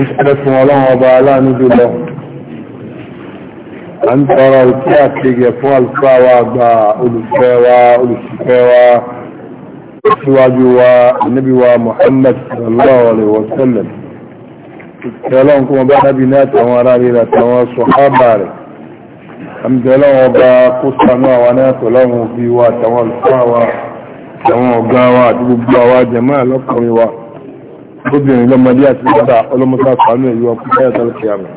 ẹ̀ṣẹ́ fún ọlọ́run ọba aláàánú jùlọ a ń tọrọ ìkí àkegẹ fún àlùfáà wa àgbà olùfẹ́ wa olùsìfẹ́ wa síwájú wa ànábì wa Muhammad sallallahu alaihi wa sallam ìtẹ́lọ́n kún ọba nábi náà tàwọn ará rí àtàwọn sọ̀hábà rẹ̀ àmìtẹ́lọ́n ọba kó sànú àwọn náà tọ́lọ́run òbí wa àtàwọn àlùfáà obìnrin lọ́mọdé àti lọ́dà ọlọ́mọdé àpánú ẹ̀yọ ọkùnrin ẹ̀yà tàbí àmì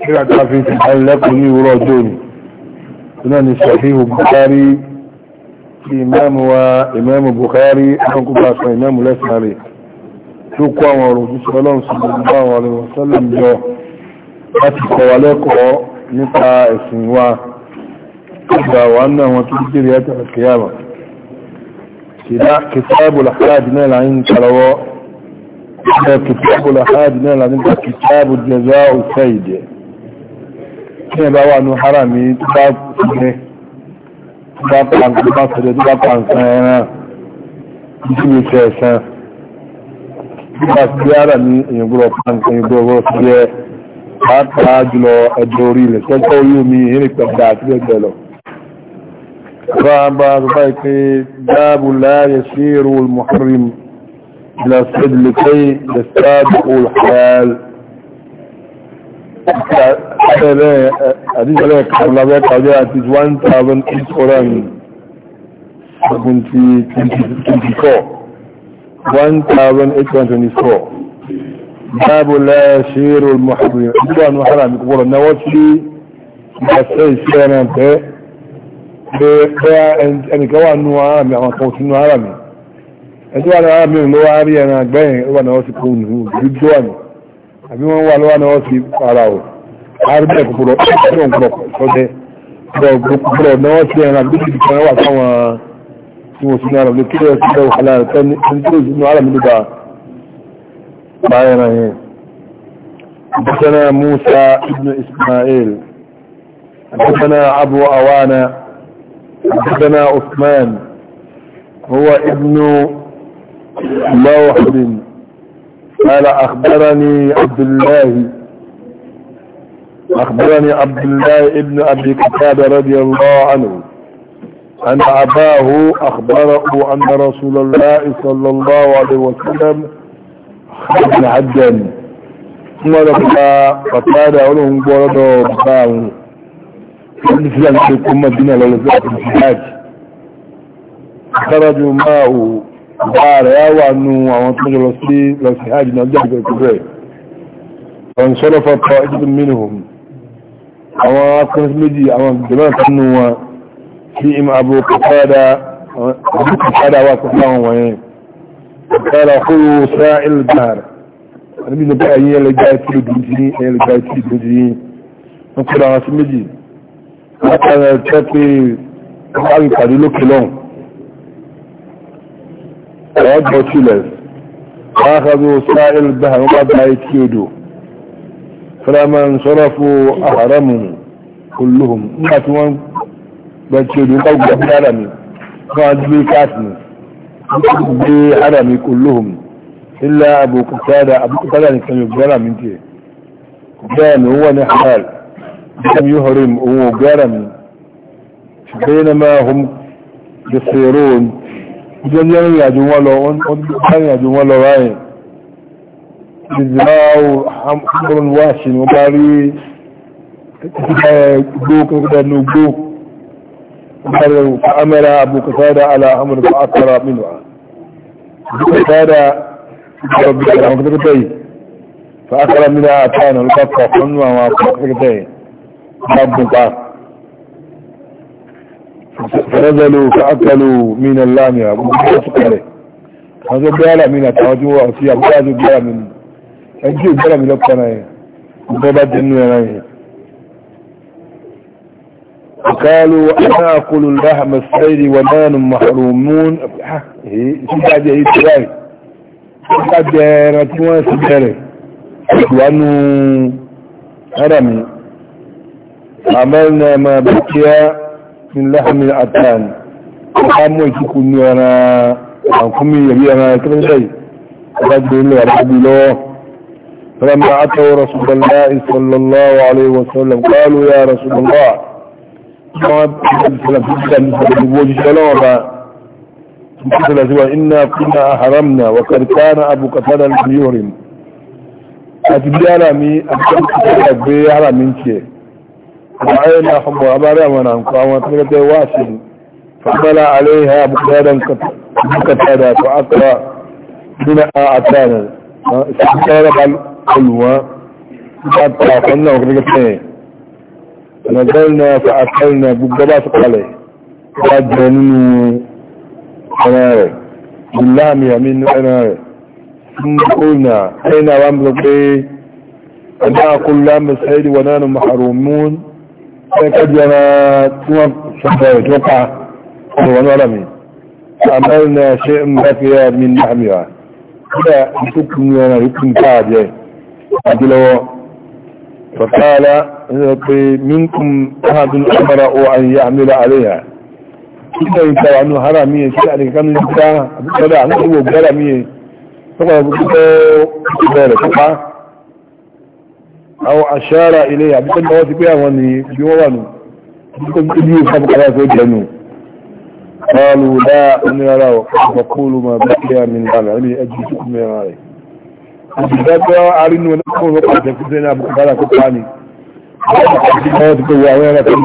nígbà tí a fi ti bá lẹ́kùn ní ìwúrọ̀ ọjọ́ òní tó náà ni Sahihu Bukhari tí ìmáàmù wa ìmáàmù Bukhari akọ́kùnrin àṣọ ìmáàmù lẹ́sàn rẹ̀ tó kó àwọn ọ̀rọ̀ òṣìṣẹ́ ọlọ́run sí gbogbo كتاب الأحاد نال عين كلوة كتاب الأحاد نال عين كتاب الجزاء السيد كيف بقى أنه حرامي تباب سنة تباب عن قصر تباب عن سنة يجب يساسا تباب سيارة من يقولوا فانك يقولوا سيارة pàápàá jùlọ ẹjọ́ orí ilẹ̀ tọ́jọ́ orí omi ìrìnkọ̀dá àti ẹgbẹ̀ lọ رابع ضيقي باب لا يسير المحرم إلى الصد لكي يستابق الحلال حديث عليك قبل ذلك جاءت 1824 باب لا يسير المحرم إذا المحرم يقول النواتي وصلي بس إيش bẹ́ẹ̀ ẹnìkan wà nù ara mi àwọn kan sínú ara mi ẹjọ́ wà ní ara mi lọ́wọ́ arí ẹran àgbẹ̀yìn ó wà náà sí kò nù dúdú wà ní àbí wọ́n wà lọ́wọ́ náà sí ara o arúgbó kòkòrò ọ̀pọ̀ ọ̀pọ̀ sọ́dẹ́ kòkòrò náà sí ẹran àbí kìkì kan wà sáwọn tí wọ́n sínú ara mi kí lọ́wọ́ sí ẹran àlá rẹ̀ tẹ́ni tó sínú ara mi nígbà bá ẹran yẹn. حدثنا موسى ابن اسماعيل حدثنا ابو اوانا حدثنا عثمان هو ابن موحد قال أخبرني عبد الله أخبرني عبد الله ابن أبي كتاب رضي الله عنه أن أباه أخبره أن رسول الله صلى الله عليه وسلم خرج حجا ثم لقى فقال عنهم قرده رباه الإسلام يكون مدينة للإسلام في الحاج خرجوا معه بار ياوى أنه وانتجوا للسحاج نجح بالكبير فانصرف طائفة منهم أما كانت مجي أما جمال كانوا فيهم أبو قتادة أبو قتادة وكفاهم وين قال خذوا سائل الدار النبي نبقى هي اللي جاية تلو دنجين هي اللي جاية تلو دنجين نقول أنا سمجي látara ẹ̀kẹ́ pé wọ́n ìpàdé lókè lọ́hùn ọ̀ọ́dọ̀ tilẹ̀ wáhàbó sáàrẹ̀ bá àwọn bàbá etí odò fẹ́rẹ́mà ń sọ́rọ̀ fún àhàrámù olóhùn nígbà tí wọ́n gbẹ̀ tí odò nípa gbogbo ara mi wọ́n á gbé káàkiri nípa gbé ara mi olóhùn ilẹ̀ àbòkútà àbòkútà nìkan yóò gbé ara mi tiẹ̀ bẹ́ẹ̀ ni ó wà ní halal لم يهرم وقرم بينما هم يصيرون جن يرن يا جوالو ان يا جوالو راي جزاو حمر واشن وباري بوك دانو بوك فأمر أبو قتادة على أمر فأكثر منه أبو قتادة فأكثر منها أتانا لقد فأخنوا وأكثر منها رب قال فرزلوا فأكلوا من اللام يا ومتفق عليه هذا بيالا من التواجه وأسيا هذا بيالا من أجيب بيالا من لبقنا وبابا جنونا وقالوا أنا أقول اللحم السيد ونان محرومون سيدة جهي تراي سيدة جهي راتوان سيدة وأنه هرمي عملنا ما بقي من لحم العتان وقاموا يشكوني أنا عنكمي يبي أنا كمان شيء رجل الله رحمه الله فلما أتوا رسول الله صلى الله عليه وسلم قالوا يا رسول الله إنا كنا أحرمنا وقد كان أبو قتادة لم يهرم أتبيع رامي أبو قتادة أبو قتادة رأيناهم وأمرامنا قامت من الدواس فقبل عليها مقدارا كتادا فأقرى من أعتانا قال القلوة فقد قلنا وقرقتين نزلنا فأكلنا بقبات عليه قد إيه. جنوا أناري يمين أناي ثم قلنا أين رمضي إيه؟ أنا أقول لام السيد ونحن محرومون ẹ̀kọ́ di ọ̀nà tí wọ́n sọ̀rọ̀ rẹ̀ tí wọ́n pa ọ̀rọ̀ náà mi àmọ́rin náà ṣe ń bá fi rẹ̀ mi ní àmì wa nígbà tó kú ní ọ̀nà rí kún káà fọ̀tàlá ní pé mínkùn ahàdùn ọmọra ó àyè àmìlà àríyà nígbà yìí tàwa nù hara mi sí àdìkan ìgbà àbúkọ́dà àti ìwò gbọ́dà mi yẹn tó àwọn aṣáára ilé àbíkọ́ ní ọwọ́ ti pé àwọn ni bí wọ́n wà nù nígbà tí bí ìfà bùkárà tó jẹ́ nù qalu la onírara ọ̀pọ̀kúlù ma bá kí àmì ìlànà ní ẹjú tó kún mẹ́ra rẹ̀ ìdájọ́ arínú ọlọ́pọ̀ lọ́pọ̀ jẹ́ kí sẹ́ni àbùkárà tó pa ni wọ́n ti pé wọ àwọn ẹ̀rọ tó ń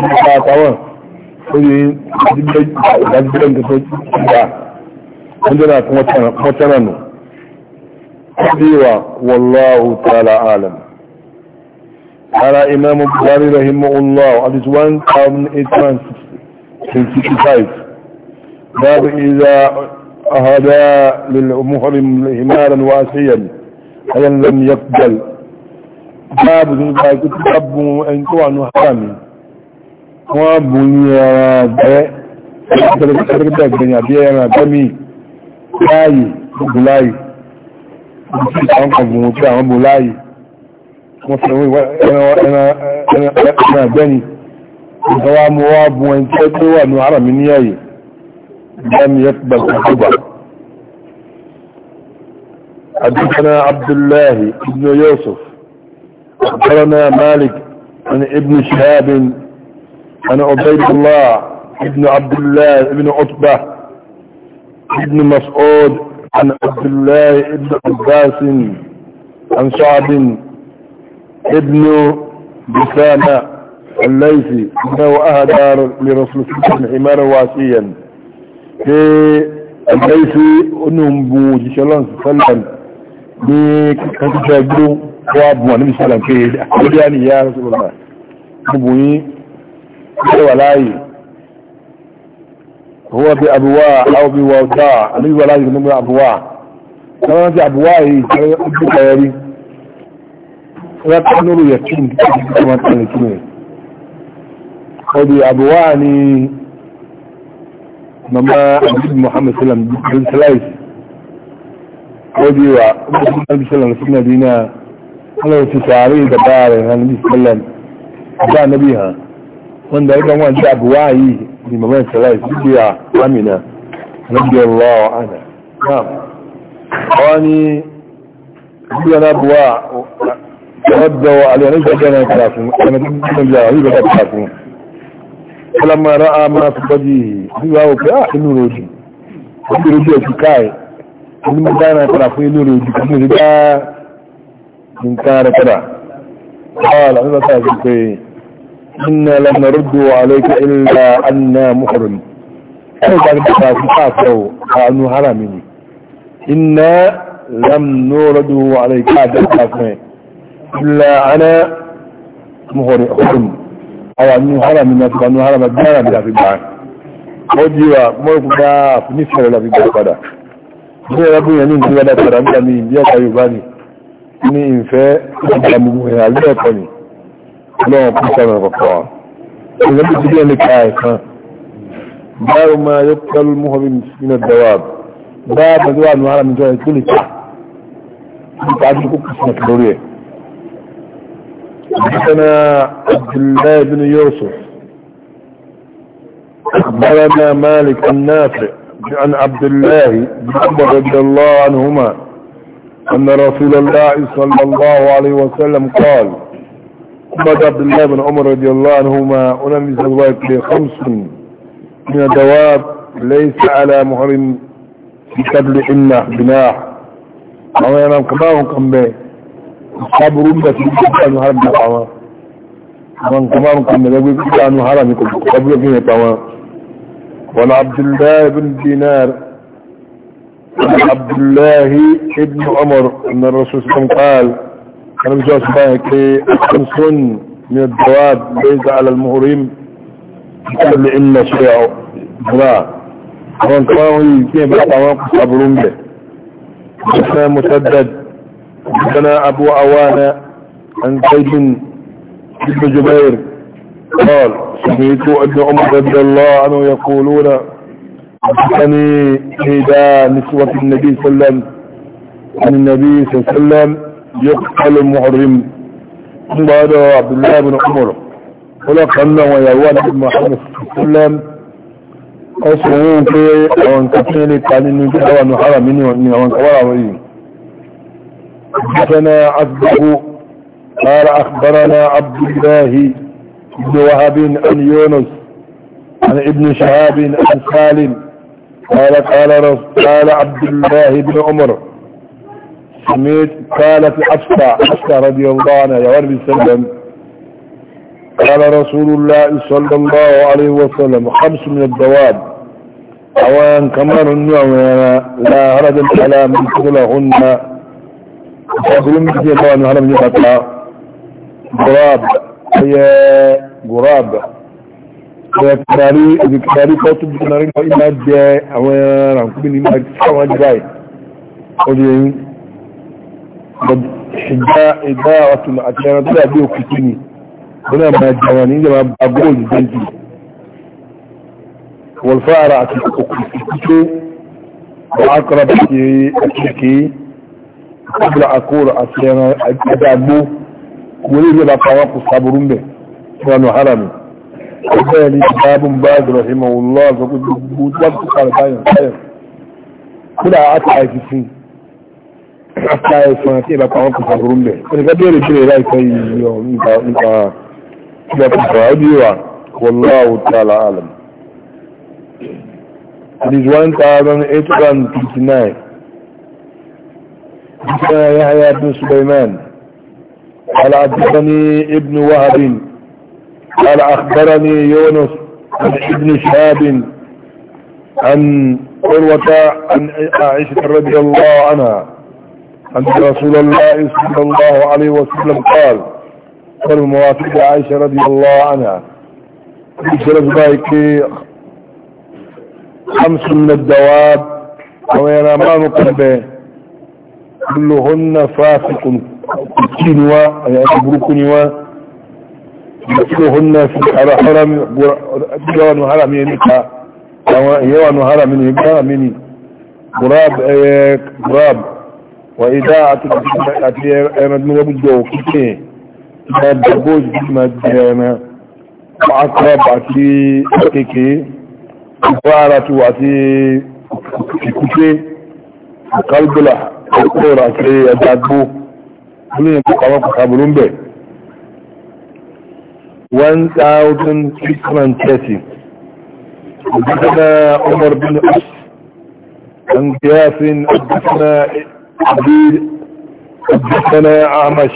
bá àtàwọn ó على إمام البخاري رحمه الله حديث 1865 باب إذا أهدى للمحرم همارا واسيا هل لم يقبل باب ذلك كتب أن توعن حرامي وابني رابع تربك بني أبي أنا دمي لاي بلاي بلاي مسلمين وانا وانا انا انا داني سواء مواب وان تدوى انو عرم نياي لم يقبل حقوبة حدثنا عبد الله ابن يوسف اخبرنا مالك عن ابن شهاب عن عبيد الله ابن عبد الله ابن عتبة ابن مسعود عن عبد الله ابن عباس عن شعب ابن بسامة الليثي انه اهدى لرسول الله حمارا واسيا في الليثي انهم بوجه الله سلم بكتابه وابو النبي صلى الله عليه وسلم اقول يعني يا رسول الله ابوي ولاي هو بأبواء أو بوضاع النبي ولاي من أبواء كما في أبواء ابواء يقول ويتنور يكين كما تنكين ودي أبواني مما أبيد محمد صلى الله عليه وسلم ودي وأبيد صلى الله عليه وسلم دينا الله يتساري دباري عن يعني النبي صلى الله عليه وسلم جاء نبيها وان دائما وان جاء أبوائي لمما صلى الله عليه وسلم أمنا رضي الله عنه نعم واني أبونا أبواء تغدوا على ليس كان يتعافون أنا جدا جاهل يتعافون فلما رأى ما في وجهه هو كأح نورجي وفي رجوع شكاية ثم كان يتعافون نورجي كم رجاء من كان ترى قال أنا تاجل إنا لم نردوا عليك إلا أننا محرم أنا قال بقاسي قاسوا أنه حرامني إنا لم نردوا عليك هذا القاسمين إلا أنا مهري حرم أو أنه حرم من نفسه أنه حرم الدار بلا في البعان وجيوا موقف ما في نسخة لا في البعان ní ẹgbùn yẹn ní ìlú ẹ̀dà padà nígbà ní ìdí ẹ̀ka yorùbá ni ní ìfẹ́ ìgbàmùgbù ìrìnàlú ẹ̀kọ́ ni lọ́wọ́ kú sọ́nà kọ̀kọ́ wa ìgbà tó ti bí ẹni ká ẹ̀kan báwo máa yọ pẹ́lú mọ́hóbí nínú حدثنا عبد الله بن يوسف أخبرنا مالك النافع عن عبد الله بن عمر رضي الله عنهما أن رسول الله صلى الله عليه وسلم قال قمت عبد الله بن عمر رضي الله عنهما يزل زواج لخمس من الدواب ليس على محرم قبل إنه بناح أو ينام كما هم قم به ìṣàbùrú ń bẹ̀tí ìgbẹ̀tánú haram ní pa wọn wọn kọ márùn kan mẹ́lẹ́gbẹ́ ìgbẹ̀tánú haram ní kọbílẹ̀ fi nípa wọn wọn abdullahi bin dinar abdullahi ibn umar na rasu sun kal kan bisa su bayan ke sun min dawab laysa ala al-muhrim kallu inna shay'a bra wọn kọ márùn kan mẹ́lẹ́gbẹ́ ìgbẹ̀tánú haram ní kọbílẹ̀ fi nípa wọn حدثنا أبو عوانة عن سيد بن جبير قال سمعت ابن عمر رضي الله عنه يقولون حدثني إذا نسوة النبي صلى الله عليه وسلم عن النبي صلى الله عليه وسلم يقتل المحرم ثم هذا عبد الله بن عمر خلق أنه ولد محمد صلى الله عليه وسلم أصعون في أوان كثيري كان النبي أوان حرم مني وأن أوان كوارا حدثنا عبده قال أخبرنا عبد الله بن وهب عن يونس عن ابن شهاب عن سالم قال قال قال عبد الله بن عمر سميت قالت حفصة حفصة رضي الله عنها يا ورب السلام قال رسول الله صلى الله عليه وسلم خمس من الدواب أوان كمان النعم لا هرد على من قبلهن ọdún méjì ẹ̀kọ́ wà ní ọ̀hánà méjì pàtà gùráàbà ẹ̀yẹ kìtàrí ìdíkìtàrí pọ́tù bí ọ̀nà ríkọ ìmá jẹ àwọn ràǹkúbí ní ìmá káwọn jẹ́ báyìí ọdún yẹn ṣìgbà ìgbà ọ̀tún àti ẹran tó dàbí òkùnkùn ni wọ́n náà máa jẹ wọn ní ìjọba agbóòlù dẹ́jì wọ̀lfáàrà àti òkùnkùn tó wọ́n á kọ́ra bá kiri àti kiri kọ́bùlà àkóòrò àti ẹran àgbàgbó kò ní ìjọba pàwọn kò sàbùrú ń bẹ̀ wọn hàrà mi ọgbẹ́ ẹni ìdábùn bá ìdọ̀rọ̀hìmọ̀ lọ́wọ́ àgbàgbó gbogbo wọn tó kàrọ̀ báyọ̀ báyọ̀ kódà àti àìsí àti àìsàn àti ìbá pàwọn kò sàbùrú ń bẹ̀ ẹni ká bẹ́ẹ̀rẹ̀ bẹ́ẹ̀rẹ̀ láìpẹ́ yìí nípa ìgbà pàtàkì حدثنا يحيى بن سليمان قال حدثني ابن وهب قال اخبرني يونس عن ابن شهاب عن قروة عن عائشة رضي الله عنها أن رسول الله صلى الله عليه وسلم قال فالموافق عائشة رضي الله عنها بشرف ذلك خمس من الدواب وينا ما نقل به كلهن فاسق كنوا يعني بركنوا كلهن في حرم يوان حرم ينكا يعني. يوان حرم ينكا مني براب يعني. براب آه، وإذاعة أنا من أبو كيكي ما تبوز بما جانا وعقرب عتي كيكي وفارة عتي كيكي قلب لحق kóra ṣe ẹja gbó ní ìpàwọn kàbùrú 1630 حدثنا عمر بن أس عن قياس حدثنا عبيد حدثنا أعمش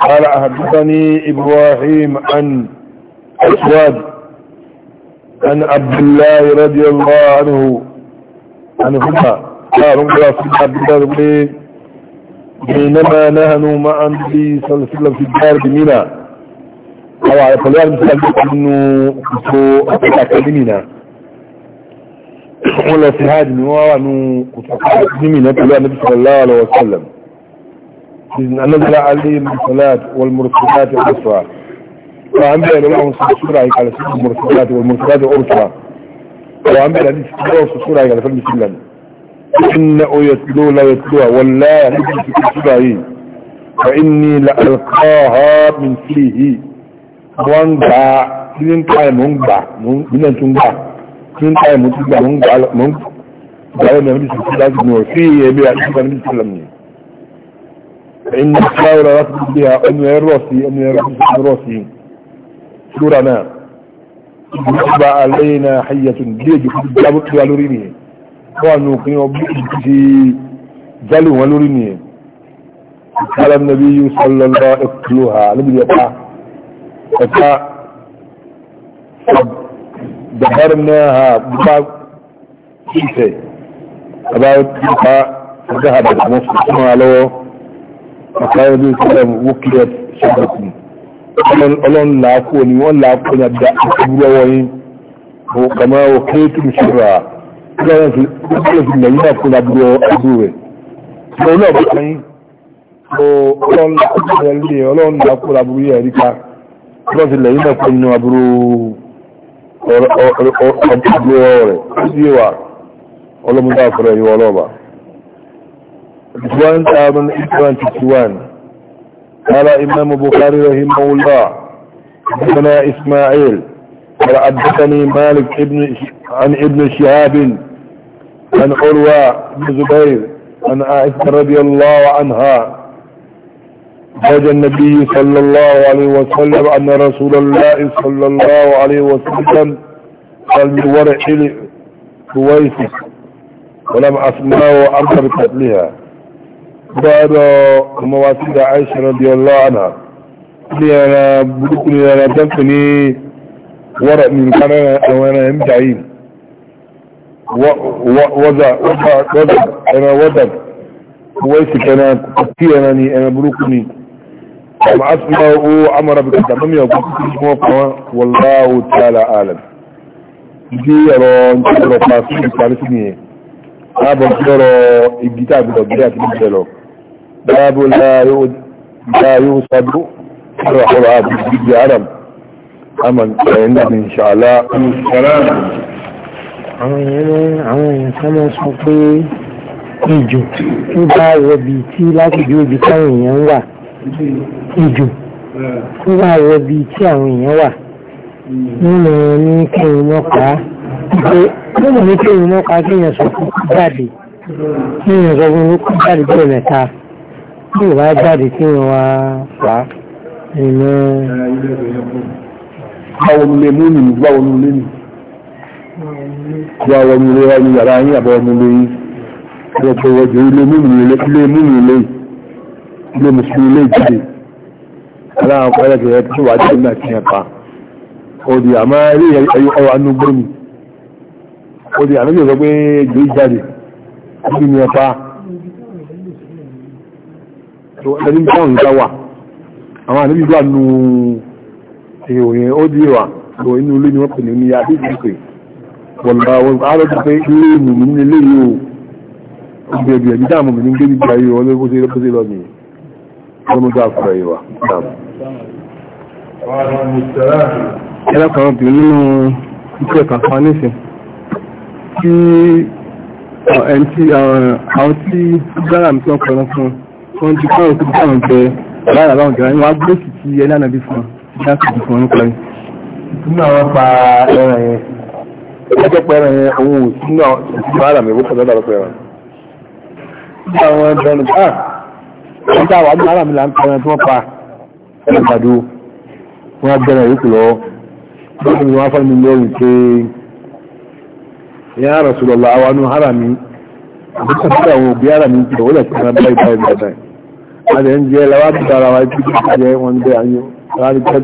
قال حدثني إبراهيم عن أسواد عن عبد الله رضي الله عنه عنهما قالوا رسول عبد الله بينما نهنوا معا في صلى الله عليه وسلم في الدار بمنى أو على طلال مثلا أنه كتو أتاك بمنى ولا سهاد من وراء أنه كتو أتاك بمنى طلال النبي صلى الله عليه وسلم إذن نزل عليهم الصلاة والمرسلات الأسرى وعن بيئة الله صلى الله عليه وسلم المرسلات والمرسلات الأسرى وعن بيئة لهم صلى الله عليه وسلم إن أيتلو لا يتلوها في تتلوها فإني لألقاها من فيه وانبع من قائم هنبع من أن تنبع من قائم هنبع هنبع هنبع دعوة هنبع صلى الله هنبع وسلم فيه يبيع النبي النبي صلى فإن الخاول رفض بها أن يرسي أن يرسي راسي سورنا علينا حية جابت wà ní òfin ọbí ti jálè wọn lórí nìyẹn ìkàlà nàbí yìí sọlọlọ ẹkùlù ha níbi ẹ̀ka ẹ̀ka dàbárí náà ha bá ṣíṣẹ́ àbá ẹ̀ka ẹ̀ka àbàdà wọn fún wọn lọ́wọ́ ẹ̀ka ẹ̀bí sọlọ wókìlẹ̀ ṣàbàkùn ọlọ́run làákùn ni wọ́n làákùn ní wọ́n yìí kàmá òkè lọ́wọ́ fi lọ́wọ́ fi lẹ́yìn náà kó bá dúró ẹgbẹ́ rẹ̀ ṣùgbọ́n náà bá kàn yín kó ọlọ́run lọ́wọ́ lé ọlọ́run náà kó bá burú yẹn ríka lọ́wọ́ fi lẹ́yìn náà kó nínú aburú aburú rẹ̀ ó sì wà ọlọ́run náà kọ́ ẹ̀yìn ọlọ́ọ̀bà. one thousand eight hundred fifty one قال إمام بخاري رحمه الله حدثنا إسماعيل قال حدثني مالك ابن عن ابن شهاب عن عروة بن زبير عن عائشة رضي الله عنها زوج النبي صلى الله عليه وسلم أن رسول الله صلى الله عليه وسلم قال من ورع كويسك ولم أسمعه وأمر بقتلها بعد مواسيد عائشة رضي الله عنها لي أنا لي أنا دفني ورع من كان وأنا هم جعيل وضع وضع وضع انا وضع كويسك انا كتير اناني انا بلوكني مع اسمه عمر بكتابهم يقول والله تعالى اعلم ìdí ọ̀rọ̀ ìjọba pàṣẹ ìparísí ni ẹ̀ láàbọ̀ sí ọ̀rọ̀ igi tàbí ọ̀gbẹ́ àti ìjẹ́ lọ dáàbò láàáyó sábó ọ̀rọ̀ àbúrú ìjẹ́ aram àmà ẹ̀ndà ní ṣàlá àwọn èèyàn àwọn èèyàn kan máa sọ pé ìjò tó bá rọbì tí lágbègbè ibi táwọn èèyàn wà ìjò tó bá rọbì tí àwọn èèyàn wà nínú ní kéwọn mọ́ka pé nínú ní kéwọn mọ́ka kéèyàn sọ fún kú jáde kéèyàn sọ fún kú jáde bẹ́ẹ̀ mẹ́ta tí ò bá jáde kéèyàn wá wá ìmọ̀. báwo ni lè mú mi báwo ni lè mú wá wọnú ilé ya ní yàrá yín àbọ̀ ọmọ ilé yín ilé múmi ilé ilé múmi ilé ilé mùsùlùmí ilé ìdílé tó wà jẹ́ náà tiẹ̀ pa òdì àmọ́ ilé ẹyọ òdì gbé jáde kí ni ẹ pa ẹni wà ó dì wà inú ilé ni wọ́n pè ní ní adé wọ̀lá wọn ààrẹ́jù pé ilé ìmìnì ní ilé yíò ìgbẹ̀bì ẹ̀bí dáàmù mi ní gbé gbígbà yíò wọlé bó ṣe lọ sí lọ nìyí wọ́n mú dá àkùrẹ̀ ìwà ẹ̀rọ kan bí nínú ikọ̀ ìkàkọ́ nísìn kí ẹni tí àwọn tí gbára mi tí wọ́n kọ̀ fún wọ́n ti kọ́ òkú dáàmù jẹ lára àwọn jẹ́ wọ́n á gbé sì ti ẹlẹ́nà bí fún wọn láti bí fún wọn nípa rẹ̀. Nínú àwọn pa ẹran yẹn ẹjọ́ pẹ̀rẹ̀ yẹn àwọn òsì náà ìfàdà mi wọ́pọ̀ lọ́dọ̀ pẹ̀rẹ̀ ní àwọn ẹgbẹ̀rún bá ah, wọ́n dá wà ní ara mi là ń pẹ̀rẹ̀ tí wọ́n pa ẹgbàdo wọ́n gbẹ̀rẹ̀ yìí kùlọ́ wọ́n ni wọ́n fẹ́ mi lórí pé ìyá ara sọ̀rọ̀ là wà ní ara mi àbúkọ̀ sí àwọn òbí ara mi jẹ́ ó lẹ̀ sí ara báyìí báyìí báyìí adẹ̀ ń jẹ́ lọ́wọ́ àti ara wa ti jẹ́ wọn bẹ́ àwọn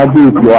àbí ìpìlọ̀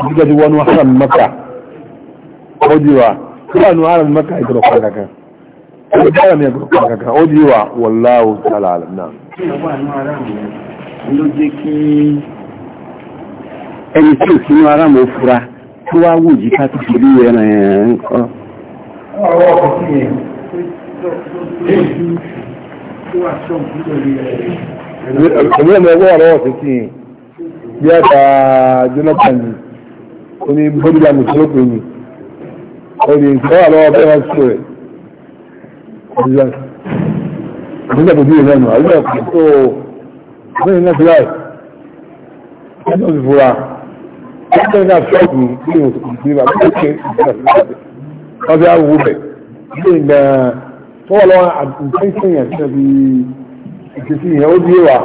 suka ji wani haram maka ojiwa kuma nu haram maka ya gurfa kaka ko da mai gurfa kaka ojiwa wallahu ta'ala alamna ló jẹ́ kí ẹni tí ò sínú ara mọ̀ fura tó wá wù jí ká tó fi rí ẹran ẹ̀rìn nǹkan. ọwọ́ ọkùnrin yẹn tó wà ṣọ́ọ̀bù lórí ẹ̀rìn. ẹ̀rọ ẹ̀rọ ọwọ́ ọ̀rọ̀ ọ̀sẹ̀ tí yẹ́ bá jonathan yìí oní bóńdà mùsùlùmí ni ọdí ìfẹ́ àlọ́ ọbẹ̀ wá sí rẹ̀ ọdíjà ọdíjà kò bí ìrìn ẹnu àdúgbò kò tó ọdún iná fi láì ẹjọ́ ti fura ọjọ́ iná ṣọ́ọ̀bù ní òṣùpù sí ìbá tó ṣe ọdí àwọ̀ bẹ̀ ilé ìgbà tó wà lọ́wọ́ àtúnṣẹ́yìn àti ẹbí ìṣesí ìyẹn ó dé wà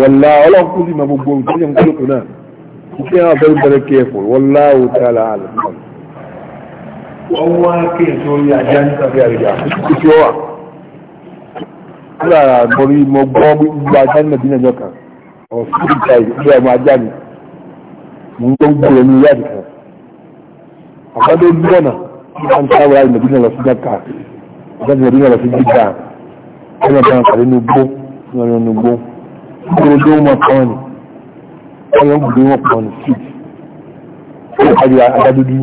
wọ̀lá ọlọ́kùnrin mọ̀ gbogbo ìtọ́jú ń kúrò náà ìṣe àwọn very very careful wallahu ta'ala alam ọwọ́ kí n tó rí ajá ní tàbí àríyá ìṣe ọwà lára àgbọ̀rí mọ gbọ́ gbogbo ajá ní nàìjíríà jọ kan ọ̀sùn ìta ìgbé ọmọ ajá ni mo ń tó ń gbòòrò ní ìyá àdìkan àbádó bí ọ̀nà wọ́n ti sáwọ́ láti nàìjíríà lọ sí dákà ọ̀gá ti nàìjíríà lọ sí gíga ọ̀nà kan kàrí ní ugbó ní ọ̀nà ugbó gbòòrò tó ń mọ kọ́ ọmọ gbùdó wọn pọ̀ ní street ọjọ́ adádúdú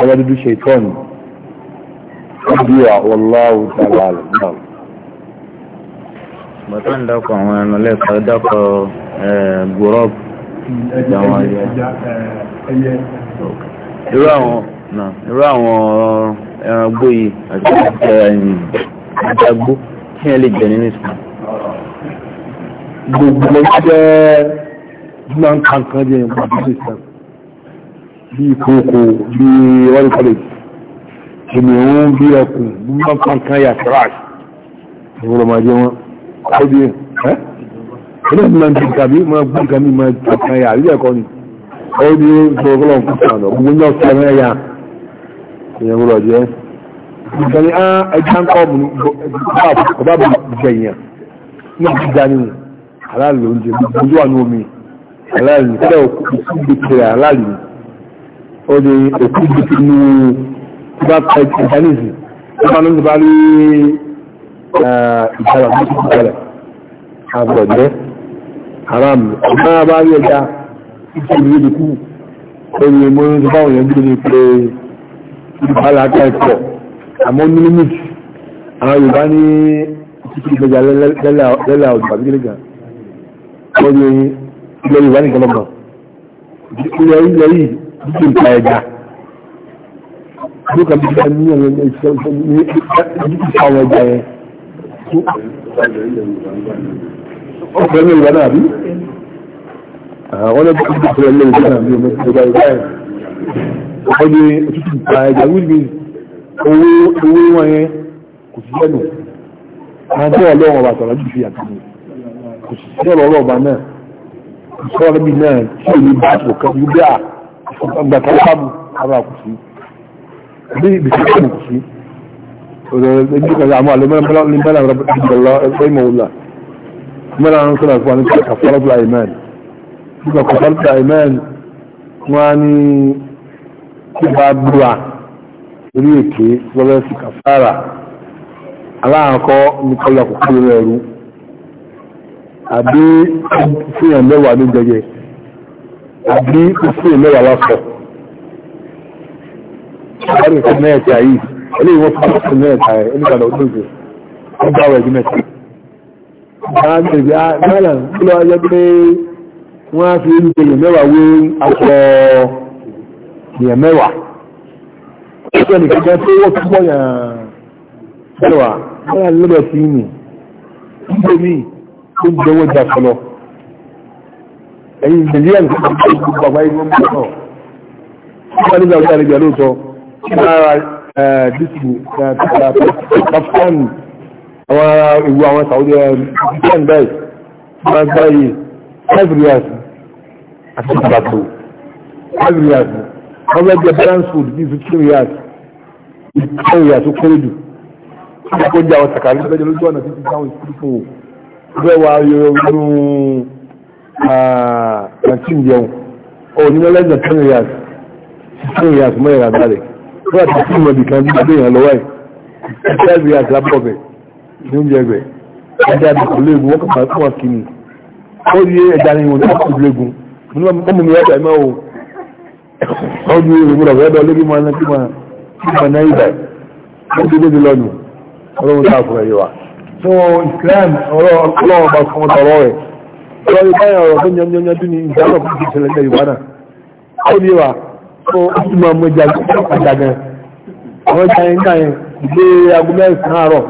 adádúdú ṣe tọ́ọ̀nù ọdí àwọláwò tààlà náà bọ̀tán dákọ̀ àwọn ẹnu lẹ́kọ̀ọ́ dákọ̀ gùrọ́ọ̀bù ìdáwọn ẹyẹ irú àwọn náà irú àwọn ẹranko yìí àti ìjagbó kí ẹ lè jẹ nínú ìsìn gbogbo jẹ́ ìgbà ń ka nǹkan jẹ ìgbà tó lè sẹ́m bí ìkókò bí wọ́n kọ́lẹ̀ kìnìún bí ẹkùn bí wọ́n ka nǹkan yà trash ìwọ́n máa jẹ wọn ó bí ẹ́ ilé ìgbà ń tìkà bí máa gbé nǹkan mi máa kàkà yà àríyá ẹ̀kọ́ ni ó bí ó sọ̀rọ̀ kọ́lọ̀ ń kúta àná gbogbo ní ọ̀sẹ̀ náà yà ìyẹn gbọ́dọ̀ aláàlú tẹ́ òkú gbèsè aláàlú ó di òkú gbèsè ní ìgbà pẹ̀lú ìgbà ní ìgbà ní ìgbàlá ní ìgbàlá àbọ̀dẹ́ haram ọ̀gá bá rí ẹja ìṣòro ìlú kú ó ní mọ́ ní bá òyìn bí ní pé ìgbàlá aká ẹ̀kọ́ àmọ́ ní mímìtì àwọn Yorùbá ní ìṣòro ìgbàlá lẹ́là ọ̀dọ̀ àbíkẹ́lẹ́gà ó ní ilẹ̀ yorùbá ní gbọ́ngbọ̀n ilẹ̀ ilẹ̀ yìí dídì nípa ẹja ló kà bí ká ní ọ̀rọ̀ ẹja ìṣẹ́ ní dídì nípa àwọn ẹja yẹn. ọkọ̀ ẹ̀rọ yorùbá náà bí àwọn ẹgbẹ́ tó kọ̀ ẹ̀rọ yorùbá náà bí ọmọ ìjọba yorùbá yẹn ọkọ̀ ní òtútù nípa ẹja wíìlì owó owó wọn yẹn kò sí jẹ́nu àwọn tó wà lọ́wọ́ ọba àtọ̀rọ̀ jù fi àtàwọn kò sí jẹ́nu ọlọ́ọ̀ba náà sọ́ọ́rọ́ mi náà tí èmi bá àtìkò kan wú bí à ọgbà kan sábù ara kò sí bí ibìsí kan kò sí ọ̀rọ̀ ẹgbẹ́ kan àmọ́ àlọ́ mẹ́rin mẹ́rin mẹ́rin mẹ́rin mẹ́rin ẹgbẹ́ ìmọ̀ wùlà mẹ́rin àwọn sọ́nà fún àwọn ìpínlẹ̀ kàfọ́rọ́ bla imán nígbà kàfọ́rọ́ bla imán wọn á ní kí bá búra orí èké lọ́wọ́ sí kàfárà aláàkọ́ ní kọ́lá kòkòrò ẹ̀rú àbí fíyàn mẹ́wàá ló jẹjẹ àbí fíyàn mẹ́wàá wá sọ láti ìfẹ́ mẹ́ẹ̀ta yìí eléyìí wọ́n fún ìfẹ́ mẹ́ẹ̀ta rẹ̀ oníkàlọ̀ olóògbé ó bá wẹ̀ jùmẹ̀ sí dáadáa kí lọ yẹ pé wọ́n á fi ń jẹyẹ mẹ́wàá wé aṣọ ìyẹn mẹ́wàá ó ní kíkẹ́ tó ń jẹ́wọ́ jà fọlọ ẹ̀yin mílíọ̀nù tó ń jẹ́ gbogbo àgbáyé wọn mú náà tí wọ́n nígbà wọ́n nígbà lóòótọ́ tí wọ́n ara dísù kaftan àwọn ará ìwú àwọn sàwọ́dí kaftan bẹ́ẹ̀ tí wọ́n gbá yìí five years àti ìgbàgbọ́ five years wọ́n bẹ́ẹ̀ jẹ́ balance food bíi fifteen years fifteen years ó kéré wọ́n kó jẹ́ àwọn sàkàrí bẹ́ẹ̀ lójú ọ̀nà títí sáwọn ìsìnkú gbẹ́wà yọrọ nàtí ìjẹun onímọ̀lẹ́ na ten years ten years mọ́ ìrà balẹ̀ fúra tí kí mọ̀bì kan bí gbé ìyàn lọ́wọ́ ẹ̀ twelve years lápọ̀ bẹ̀ ní oúnjẹ bẹ̀ ẹja àbùkù léegun wọ́n kàmá fún wọn kìíní ó rí ẹja ní ìwọ̀n tó kù léegun wọ́n mú mi wọ́n tẹ̀mọ́ o ó ní ìrìnmọ̀lẹ́ ọ̀rẹ́ bẹ́ẹ̀ lórí mọ́ ẹni tí mọ̀ náírà ó ti lé mi lọ́nu ọlọ́run tá a fọ ẹ̀yẹ wa so Islam ọ̀rọ̀ ọlọ́ọ̀bà fún ọ̀rọ̀ rẹ̀ ọ̀rọ̀ ìbáyà ọ̀rọ̀ tó yanyanyanjú ni ìdájọ́ fún ti ṣẹlẹ̀ ilẹ̀ Yorùbá náà ó ní wa ó sì máa mọ ìjà àjàgàn àwọn ìjà yẹn náà yẹn ìgbé aago mẹ́rin sí àárọ̀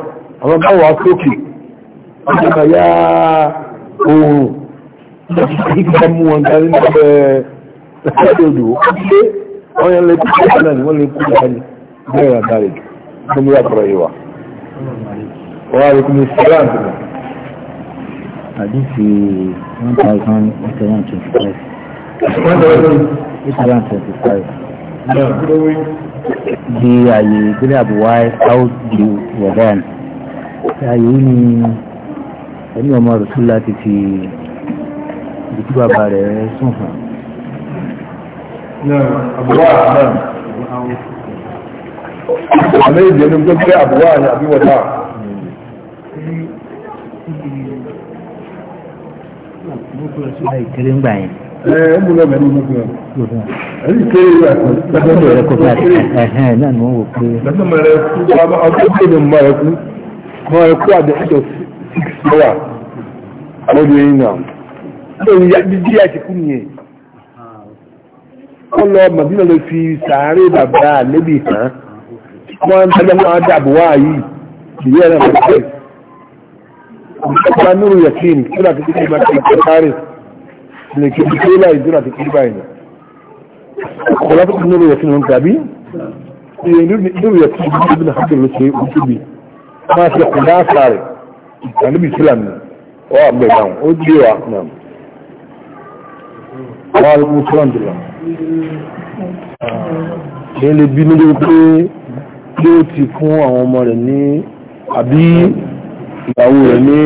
àwọn bá wà sókè wọ́n ti máa yá oòrùn ìgbà mú wọn darí ní ọbẹ̀ ẹ̀ẹ́dọ̀dọ̀ wọ́n yẹn lè kú ìjà náà ni wọ́n lè kú ìjà ni bẹ́ẹ̀ wa alaikum assalam àdìsí one thousand eight hundred twenty five. one thousand eight hundred twenty five. di àyè ìpínlẹ̀ àbúwá south di wọ̀dán àyè yìí ni ẹni ọmọ rẹ̀súlá ti fi ìdíkú bàbá rẹ̀ sùn hàn. àbúwá náà àmì ìjẹ́nu gbẹ́gbẹ́ àbúwá ni àbí wọ̀dán. kéré ńgbà yẹn. ẹ ẹ mú lọ mẹ́rin mọ́tò rẹ̀ èyí kéré ìwé àtọ́. lọ́sọ̀mọ̀ rẹ kò fẹ́ ẹ̀hẹ́n náà ni wọ́n wò pé. lọ́sọ̀mọ̀ rẹ kú ọdún tó ní mọ́ ẹ kú mọ́ ẹ kú àdé ẹ̀jọ̀ six dollar àwọn ọdún yẹn náà. lórí bí a ti kú nìyẹn. wọ́n lọ màdínà lọ fi sàárè bàbá àlébì kan. wọ́n ń tajà wọn dàbọ̀wá yìí ìwé ẹ̀rọ ìfẹ́. ọ̀pọ̀ anúrò yẹ̀kín kí ne ke bi kai lai jira ta kiba ne kula ta nuru ya kinu gabi ne nuru ya kinu ibn hajar ne ke ubi ma ta kula sare annabi islam ne wa bai dan o diwa nam wa alaikum ti fún àwọn ọmọ rẹ̀ ní àbí ìyàwó rẹ̀ ní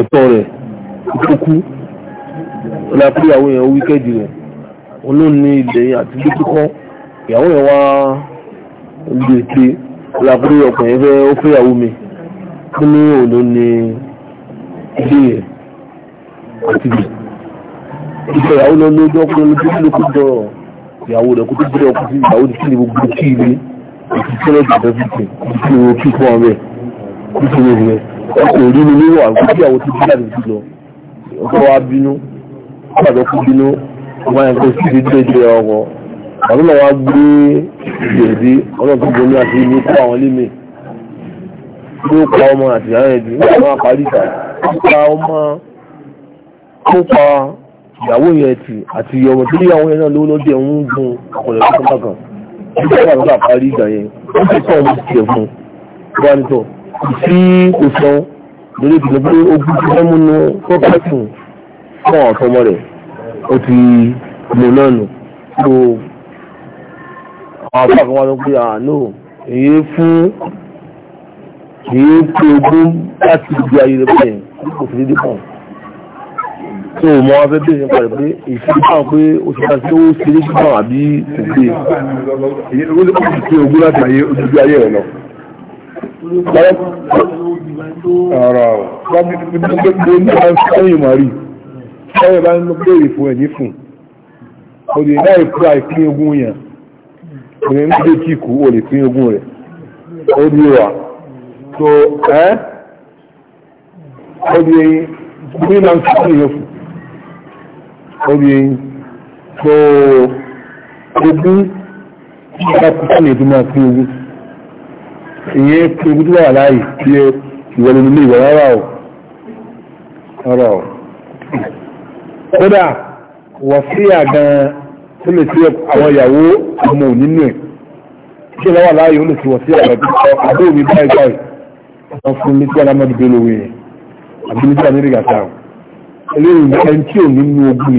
ẹ̀tọ́ rẹ̀ ìkókú ọ̀nà pé ìyàwó yẹn wíkẹ́ẹ̀dì rẹ̀ olóòn ní ilẹ̀ àti ilé kíkọ́ ìyàwó yẹn wá lè pe ọ̀nà pé ọkùnrin fẹ́ ó fẹ́ ìyàwó mi kí ní òun ní ilé yẹn àti ilẹ̀ ìgbà ìyàwó lọ ní ojú ọkùnrin lójú kí ló kó jọ ìyàwó rẹ̀ kó tó gbé ọkùnrin sí ìyàwó ti kí ni gbogbo kí ilé àti tẹ́lẹ̀dì àbẹ́fìtì kí ni o kí fún ọ̀rẹ́ kí ni o rẹ̀ ọkùnrin ní níwọ̀ àgbẹ̀kíyàwó ti bí àdìsí lọ ọkọ̀ wa bínú àbàtọ̀ kú bínú ọmọ yẹn kó sí ti dédé ọkọ̀ àwọn náà wá gbé ìgbèdí ọlọ́run tó gbóni àti inú kó àwọn lé mi ló pa ọmọ àti ìyá yẹn jù nígbà máa parí ìta ó pa ọmọ ó pa ìyàwó yẹn tì àti ọmọ tó níyàwó yẹn náà lówó lọ́dẹ ń gun ọ̀pọ̀lọ̀ tó kọ́ńtà kan nígbà máa nígbà parí ìta yẹn ó ti tọ́ ọmọ tiẹ̀ fún un wá nítọ̀ kò sí kò sọ lórí ìdílé pé ó gbé ti fẹ́ múnú tó bá tún fún ọ̀tọ́mọ rẹ̀ ó ti mú náà nù tó àwọn afọ àkọ́kọ́ tó pé àánú èyí fún èyí tó ogún láti ibi ayẹyẹ bẹ́ẹ̀ kò sí dídí pọ̀ tó mọ afẹ́ bẹ́ẹ̀ nípa rẹ̀ pé ìṣẹ́jú náà pé ó ti pàṣẹ ó ṣe ní ṣùgbọ́n àbí kò pé ogún láti ayé ojú ayé rẹ̀ lọ ọ̀rọ̀ ọ̀rọ̀ ọ̀rọ̀ ọ̀rọ̀ ọ̀rọ̀ ọ̀rọ̀ ẹ̀rọ bá ń lọ béèrè fún ẹ̀ní fún òdè láì fún àìpín ogún yẹn òdè ń gbé kíkù ó lè pín ogún rẹ̀ ó di wà tó ẹ́ ó di eyín bí náà ń sọ́kùn yẹn fún ó di eyín tó ogún bá kú sọ́nà ètò máa pín ogún ìyẹn pín ogún tó wà láàyè tí ìwọlẹ̀ nílé ìwọ̀ rárá o rárá o kódà wọ̀síyà gan-an tó lè sí àwọn ìyàwó ọmọ nínú ẹ̀ ṣe lọ́wọ́ láàyè ó lè sí wọ̀síyà rẹ̀ tó kọ́ àbúrò mi báyìí báyìí wọ́n fún mi tí alámọ́dé bẹ́ẹ̀ lówó yẹn àbí mi tí amẹ́ríkà sáà eléyìí ní ẹni tí ò ní mú ogún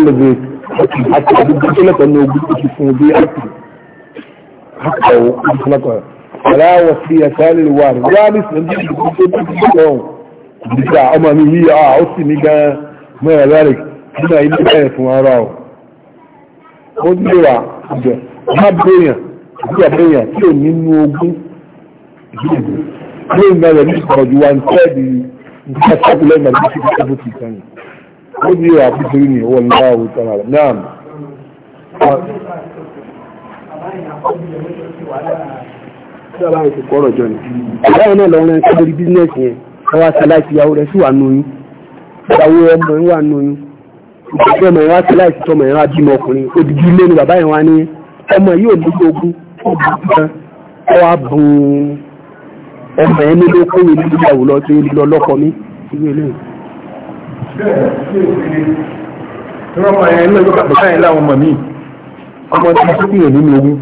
lè àti àdúgbò tó lẹ́tọ̀ọ́ ní ogún tó ti fún un bí àìsàn àkàwọ̀ ìfúnnákọ̀ aláwọ̀ sí ẹ̀sẹ̀ wà ní wà ní sèǹdí ìdúgbò tó ti fún un nígbà ọmọ mi yí à ó sì ní gan mẹ́rin lẹ́rìn nígbà ilé bẹ́ẹ̀ fún ara ọ̀ ó ní wà àjọ ọmọ bẹ́yàn àti àbẹ́yàn tí ò ní nú ogún ìdúgbò tó ń mẹ́rin ní ìkọ̀jú wa ń tẹ́ẹ̀dì nígbà sábúlẹ̀ ìmọ̀lẹ́sì ó di àti torí ní wọ́n ní báwo tọ́lá rẹ̀ náà báyìí náà lọ́rọ̀ ẹ̀kọ́ lórí bísínẹ́sì yẹn wọ́n ọmọ yẹn wà nóyún tọmọ yẹn wá bímọ ọkùnrin ilé ni bàbá yẹn ní ọmọ yìí ò ní ogún ọgbọ̀n kan wá bùn ọmọ yẹn ní lókòwé nígbàwó lọ sí ìwé lẹ́yìn rọ́mọ ẹ̀ ní ọjọ́ kàpẹ́ káyẹ̀ láwọn ọmọ mi ọmọ tí wọ́n kúrò nínú ogun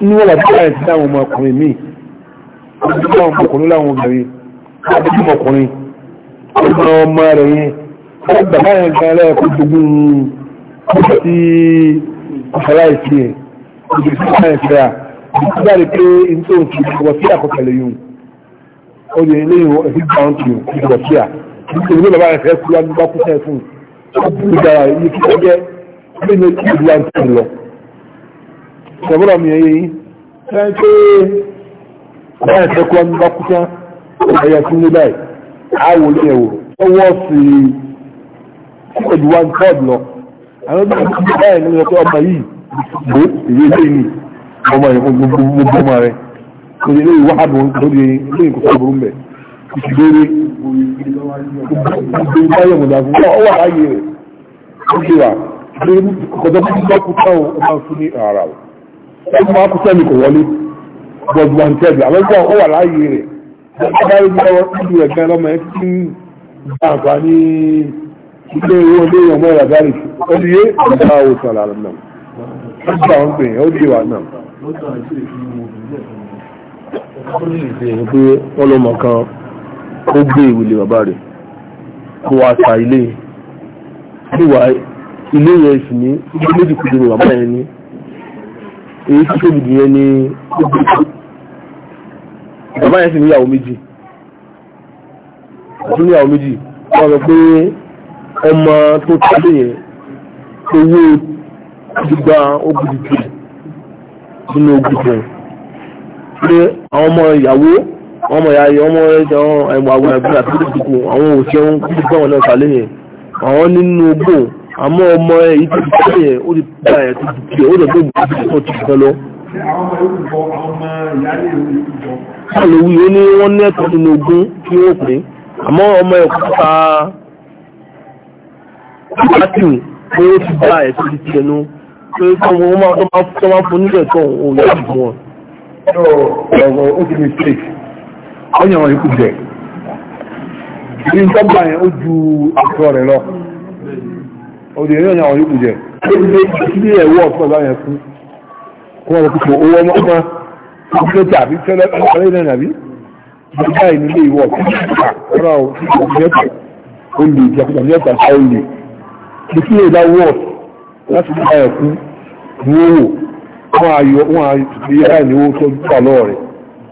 ní wọ́n láti káyẹ̀ sí láwọn ọmọ ọkùnrin mi ọdún láwọn ọmọkùnrin láwọn obìnrin ọdún ọmọkùnrin ọdún ọmọ rẹ̀ yẹn ọdún bàbá yẹn gan lẹ́ẹ̀kọ́ dogun ọjọ́ tí ọ̀fẹ́lá ìsì ẹ̀ ọdún tí wọ́n fẹ́ à ọdún bá rí pé ní tó ń kí ọwọ́ sí àkọkẹ̀lẹ̀ yìí ó nítorí ní bàbá rẹ̀ fẹ́ kú lágbá kú sẹ́ fún un ìdára iye kíkọ́ jẹ́ bí ní kí ìlú àti ìlú lọ. ìṣàbọ̀dọ̀ mi ẹ̀yẹ yìí ṣe ń pé bàbá rẹ̀ fẹ́ kú lágbá kú sẹ́ ẹ̀yà tún ní báyìí àwò ní ẹ̀wò ọwọ́ sí kúkọ̀ ju one third lọ. àwọn ọmọ ìlú ti báyìí ní ọjọ́ ọmọ yìí bó èyí lé ní ọmọ ìgbọ̀ngbọ̀ngbọ̀ rẹ̀ kò ní ìgbére ìgbé báyọ̀ mọ̀dàgún ọ wà láyé rẹ̀ ó ṣe wà pé kọjọ́ bí wọ́n kú táwọn ọmọ fún ní ara rẹ̀ ó máa kú sẹ́mi kò wọlé bọ̀dù wà ní tẹ́lẹ̀ àmọ́gbà ó wà láyé rẹ̀ ọjọ́ bí wọ́n kú rẹ̀ gan lọ́mọ ẹ̀ tí ń bá àǹfààní ilé ìwé ilé ìwọ̀n mọ́ ó gbé ìwìlè bàbá rẹ̀ kó wá ta ilé ìwà ilé yẹn sì ní ilé méjì kò dúró bàbá yẹn ní èyí tó tóbi jù yẹn ní ó gbé bàbá yẹn sì níyàwó méjì àti níyàwó méjì wọ́n sọ pé ọmọ tó tẹ́lẹ̀ yẹn owó gbígbá ogun jù nínú ogun jù pé àwọn ọmọ ìyàwó wọ́n mọ̀ yáyẹ ọmọ ẹjọ́ ẹmọ àwọn ẹgbẹ́ àti ìdìbò àwọn òṣìṣẹ́ ń kú gbọ́n wọn náà kàlẹ́ yẹn àwọn nínú ogbó àmọ́ ọmọ ẹ yìí ti kàlẹ́ yẹn ó ti gba ẹ̀ tó ti tiẹ̀ ó lọ tó gbà tó ti kàn lọ. wọ́n lè wí ó ní wọ́n ní ẹ̀tọ́ nínú ogún kí wọ́n pè é àmọ́ ọmọ ẹ̀ kó ta pàtìwù pé ó ti gba ẹ̀ tó ti tiẹ̀ pé kọ́ńtà wọn máa fún nílẹ̀ tó òun yà á bù wọn. ó ti mistake. wọ́n yàn wọ́n ikú jẹ́ ní tọ́gbà yẹn ó ju àtọ́ rẹ̀ lọ òdì yẹn yàn wọ́n ikú jẹ́ ilé ẹ̀wọ́ ọ̀tọ́ bá yẹn fún kó wọ́n kò owó ọmọ ọmọ ọmọ tàbí tẹ́lẹ̀ ọ̀rẹ́ náà nàbí nílé olè olè láti bá yẹn fún wọn wọn ìníwó tó gbà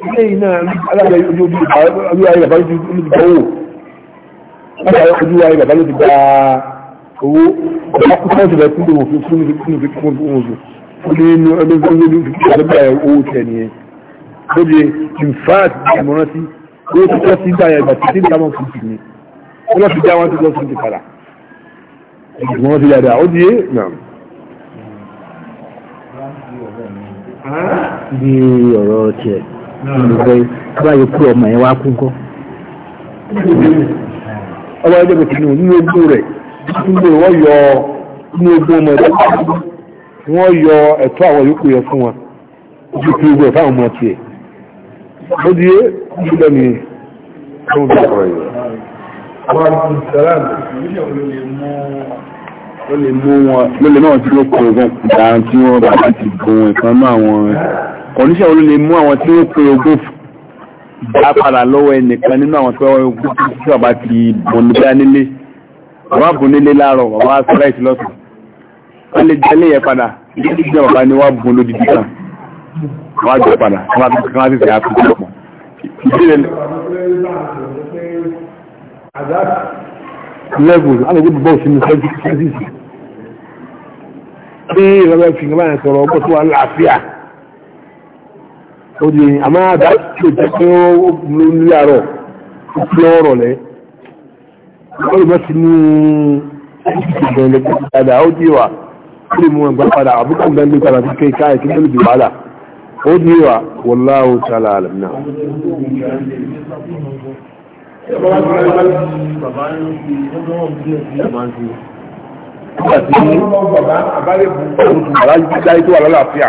Louvľe yi nan Al la yu yo di oye A lou al ap anu di non di pa yo A yo a lainen kap tepa Yo Bo chan se ve yu kote moun retroumig Moun vet kik kalp folen pououn sou Pvolye, moun Yojbo Pauti yo fundamental Poti yo jo ọ̀rẹ́ abáyé ọmọ ẹ̀ wá kú kọ́ ọba ẹgbẹ́ bẹ̀rẹ̀ nínú nínú ogún rẹ̀ nínú wọ́n yọ nínú ogún ọmọ ẹ̀dá wọ́n yọ ẹ̀tọ́ àwọn yòókù yẹ fún wọn ojú kí ogun ẹ̀fà ọmọ tiẹ̀ ó di ìṣúlẹ̀ ni ọmọ bí ọ̀rọ̀ yìí ló lè mú wọn tí ó kọ̀ ọ̀gbọ̀n dáa tí wọ́n bá ti gun ẹ̀kan náà àwọn kọ̀níṣẹ́ olú lè mú àwọn tí ó pe ogún bá padà lọ́wọ́ ẹnìkan nínú àwọn tí wọ́n ogún tí wọ́n bá ti bọ̀nùbá nílé bàbá bù nílé láàárọ̀ bàbá sọ́láìtì lọ́sùn wọ́n lè jẹ́ léyẹ padà nígbà tí bàbá ni wọ́n bùn lódìdí kan ìrọ̀lẹ́ fi ń bá yẹn ọgbọ́ tó wà láàáfíà ó di àmọ́ àdá tó jẹ́ pé ó mú ní àárọ̀ ó fi ọ̀rọ̀ lẹ́ olùmọ̀ sí ní ìgbìmọ̀ ẹ̀lẹ́gbẹ̀ padà ó di wà ó lè mú ẹgbẹ́ padà àbúkù gbẹ́ndé padà sí kéka ẹ̀kí tó lè di wàhálà ó di wà wallahu ta'ala alam náà. Bàbá àbáyé bùkún àlájú dáyé tó wà lálàáfíà.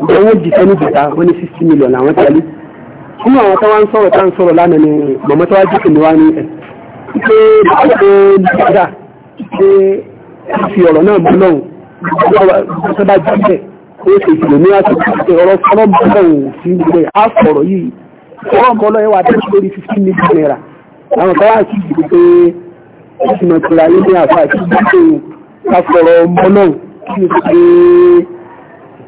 ìgbà owó jì sẹ́nu jìta wọ́n ní sixty million àwọn tẹ̀lé nínú àwọn tó wá ń sọ̀rọ̀ tá ń sọ̀rọ̀ lánàá ni mọ̀mọ́ tó wá jù kìnìwá ní ẹ̀ pé bàbá nígbàdà pé fi ọ̀rọ̀ náà bú lọ́hùn tó bá jù bẹ́ẹ̀ ó ṣe ìṣẹ̀lẹ̀ ní àsìkò pé ọ̀rọ̀ fọ́lọ́ bú lọ́hùn sí gbogbo ẹ̀ á sọ̀rọ̀ yìí ọ̀rọ̀ bọ́ lọ́yẹ̀ wà tẹ́lẹ̀ lórí fifteen million naira àwọn kan wá sí ìdìbò pé ó sì mọ̀ kíra yé ní àfà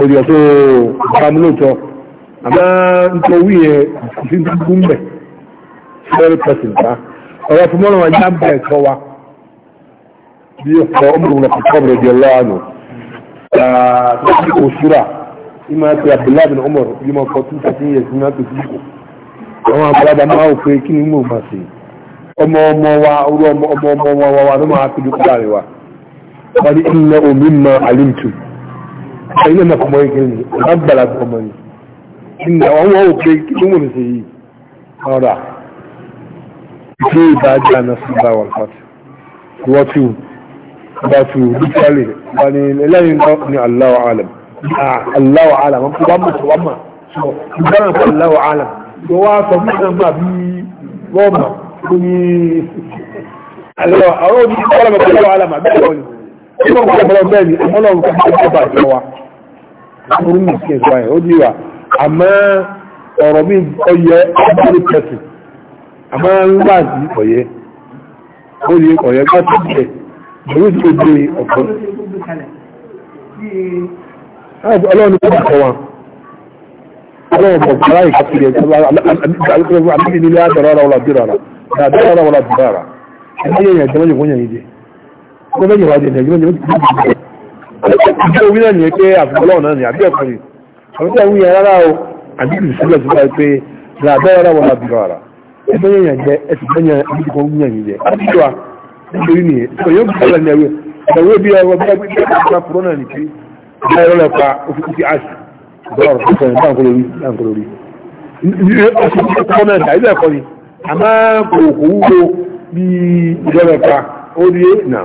ọ̀rẹ́ tó kàmúlòtọ́ àmá nítorí yẹn sí gúgún bẹ̀ fẹ́rẹ́ pẹ̀sìn ká ọ̀rọ̀ fún mọ́nà wọn já bẹ̀ ẹ̀kọ́ wa bí ọ̀pọ̀ ọmọ òun lọ́pọ̀ kọ́ bẹ̀rẹ̀ jẹ́ lọ́wọ́ àná òṣùrà ìmọ̀ àti Abdullahi bin Umar ìmọ̀ kọ́ tún fẹ́ sí yẹ sí náà tó sí kù àwọn àgbàlagbà máa wò pé kí ni mo máa ṣe ọmọ ọmọ wa orú ọmọ ọmọ wa wa ló máa fi dúkúrà rẹ wa wọ́n ní ìlẹ̀ òmìnira alimtum ẹ̀yìn náà kọmọ yìí kiri ọ̀gá gbàlá kọmọ yìí ìnà àwọn ọmọ òkè kí ló ń wọ̀n sí yìí ọ̀rà ìdí ìbá jẹ́ àná sí ìbá wà fàtí wọ́n ti wù bá ti wù lùtàlì bá ní ẹlẹ́yìn náà ní aláwọ̀ alam aláwọ̀ alam wọ́n bá mọ̀ wọ́n mọ̀ sọ ìbára fún aláwọ̀ alam wọ́n wá sọ fún ìgbà máa bí wọ́n mọ̀ fún ní aláwọ̀ àwọn òbí ìbára ọlọ́run kọ́ ọlọ́run bẹ́ẹ̀ ni ọlọ́run kọ́ ọlọ́run bá jọ wa ọdún ní kí ẹ̀sọ́ ẹ̀ ó di wa àmọ́ ọ̀rọ̀ bí ọyẹ ọdún pẹ̀sì àmọ́ ńlá sí ọ̀yẹ ó di ọ̀yẹ bá tó jẹ ìlú tó dé ọ̀pọ̀ ọlọ́run kọ́ ọ̀pọ̀ wa ọlọ́run kọ́ ọ̀pọ̀ láì kàtí ẹ̀ àbíkí nílé àdàrà ọ̀la bírara àdàrà ọ̀la bírara ẹ̀ ọmọ mẹ́yìn wájẹ̀ ní ẹgbẹ́ ìjọba orí náà ni pé àfihàn náà ni àbí ẹ̀kọ́ ni àwọn tí àwọn yẹn rárá o àbí ìlú sílẹ̀ tó báyìí pé làbẹ́ rárá wọn lábì rárá ẹgbẹ́ yẹn yẹn jẹ ẹsì bẹ́ yẹn ibi kan ń yẹn jẹ àbíjọ wa nítorí nìyẹn sọ yóò bí ọlọ́ni ẹwẹ́ ẹwẹ́ bí ẹwẹ́ bí ẹgbẹ́ ìjọba kúrò náà ni pé ẹgbẹ́ ẹ̀rọ lọ pa òfin ti àṣì bọ́ọ̀rọ̀ tó sọ yẹn báńkó lórí báńkó lórí àmọ́ kò kò wúwo bí ìjọba pa ó rí náà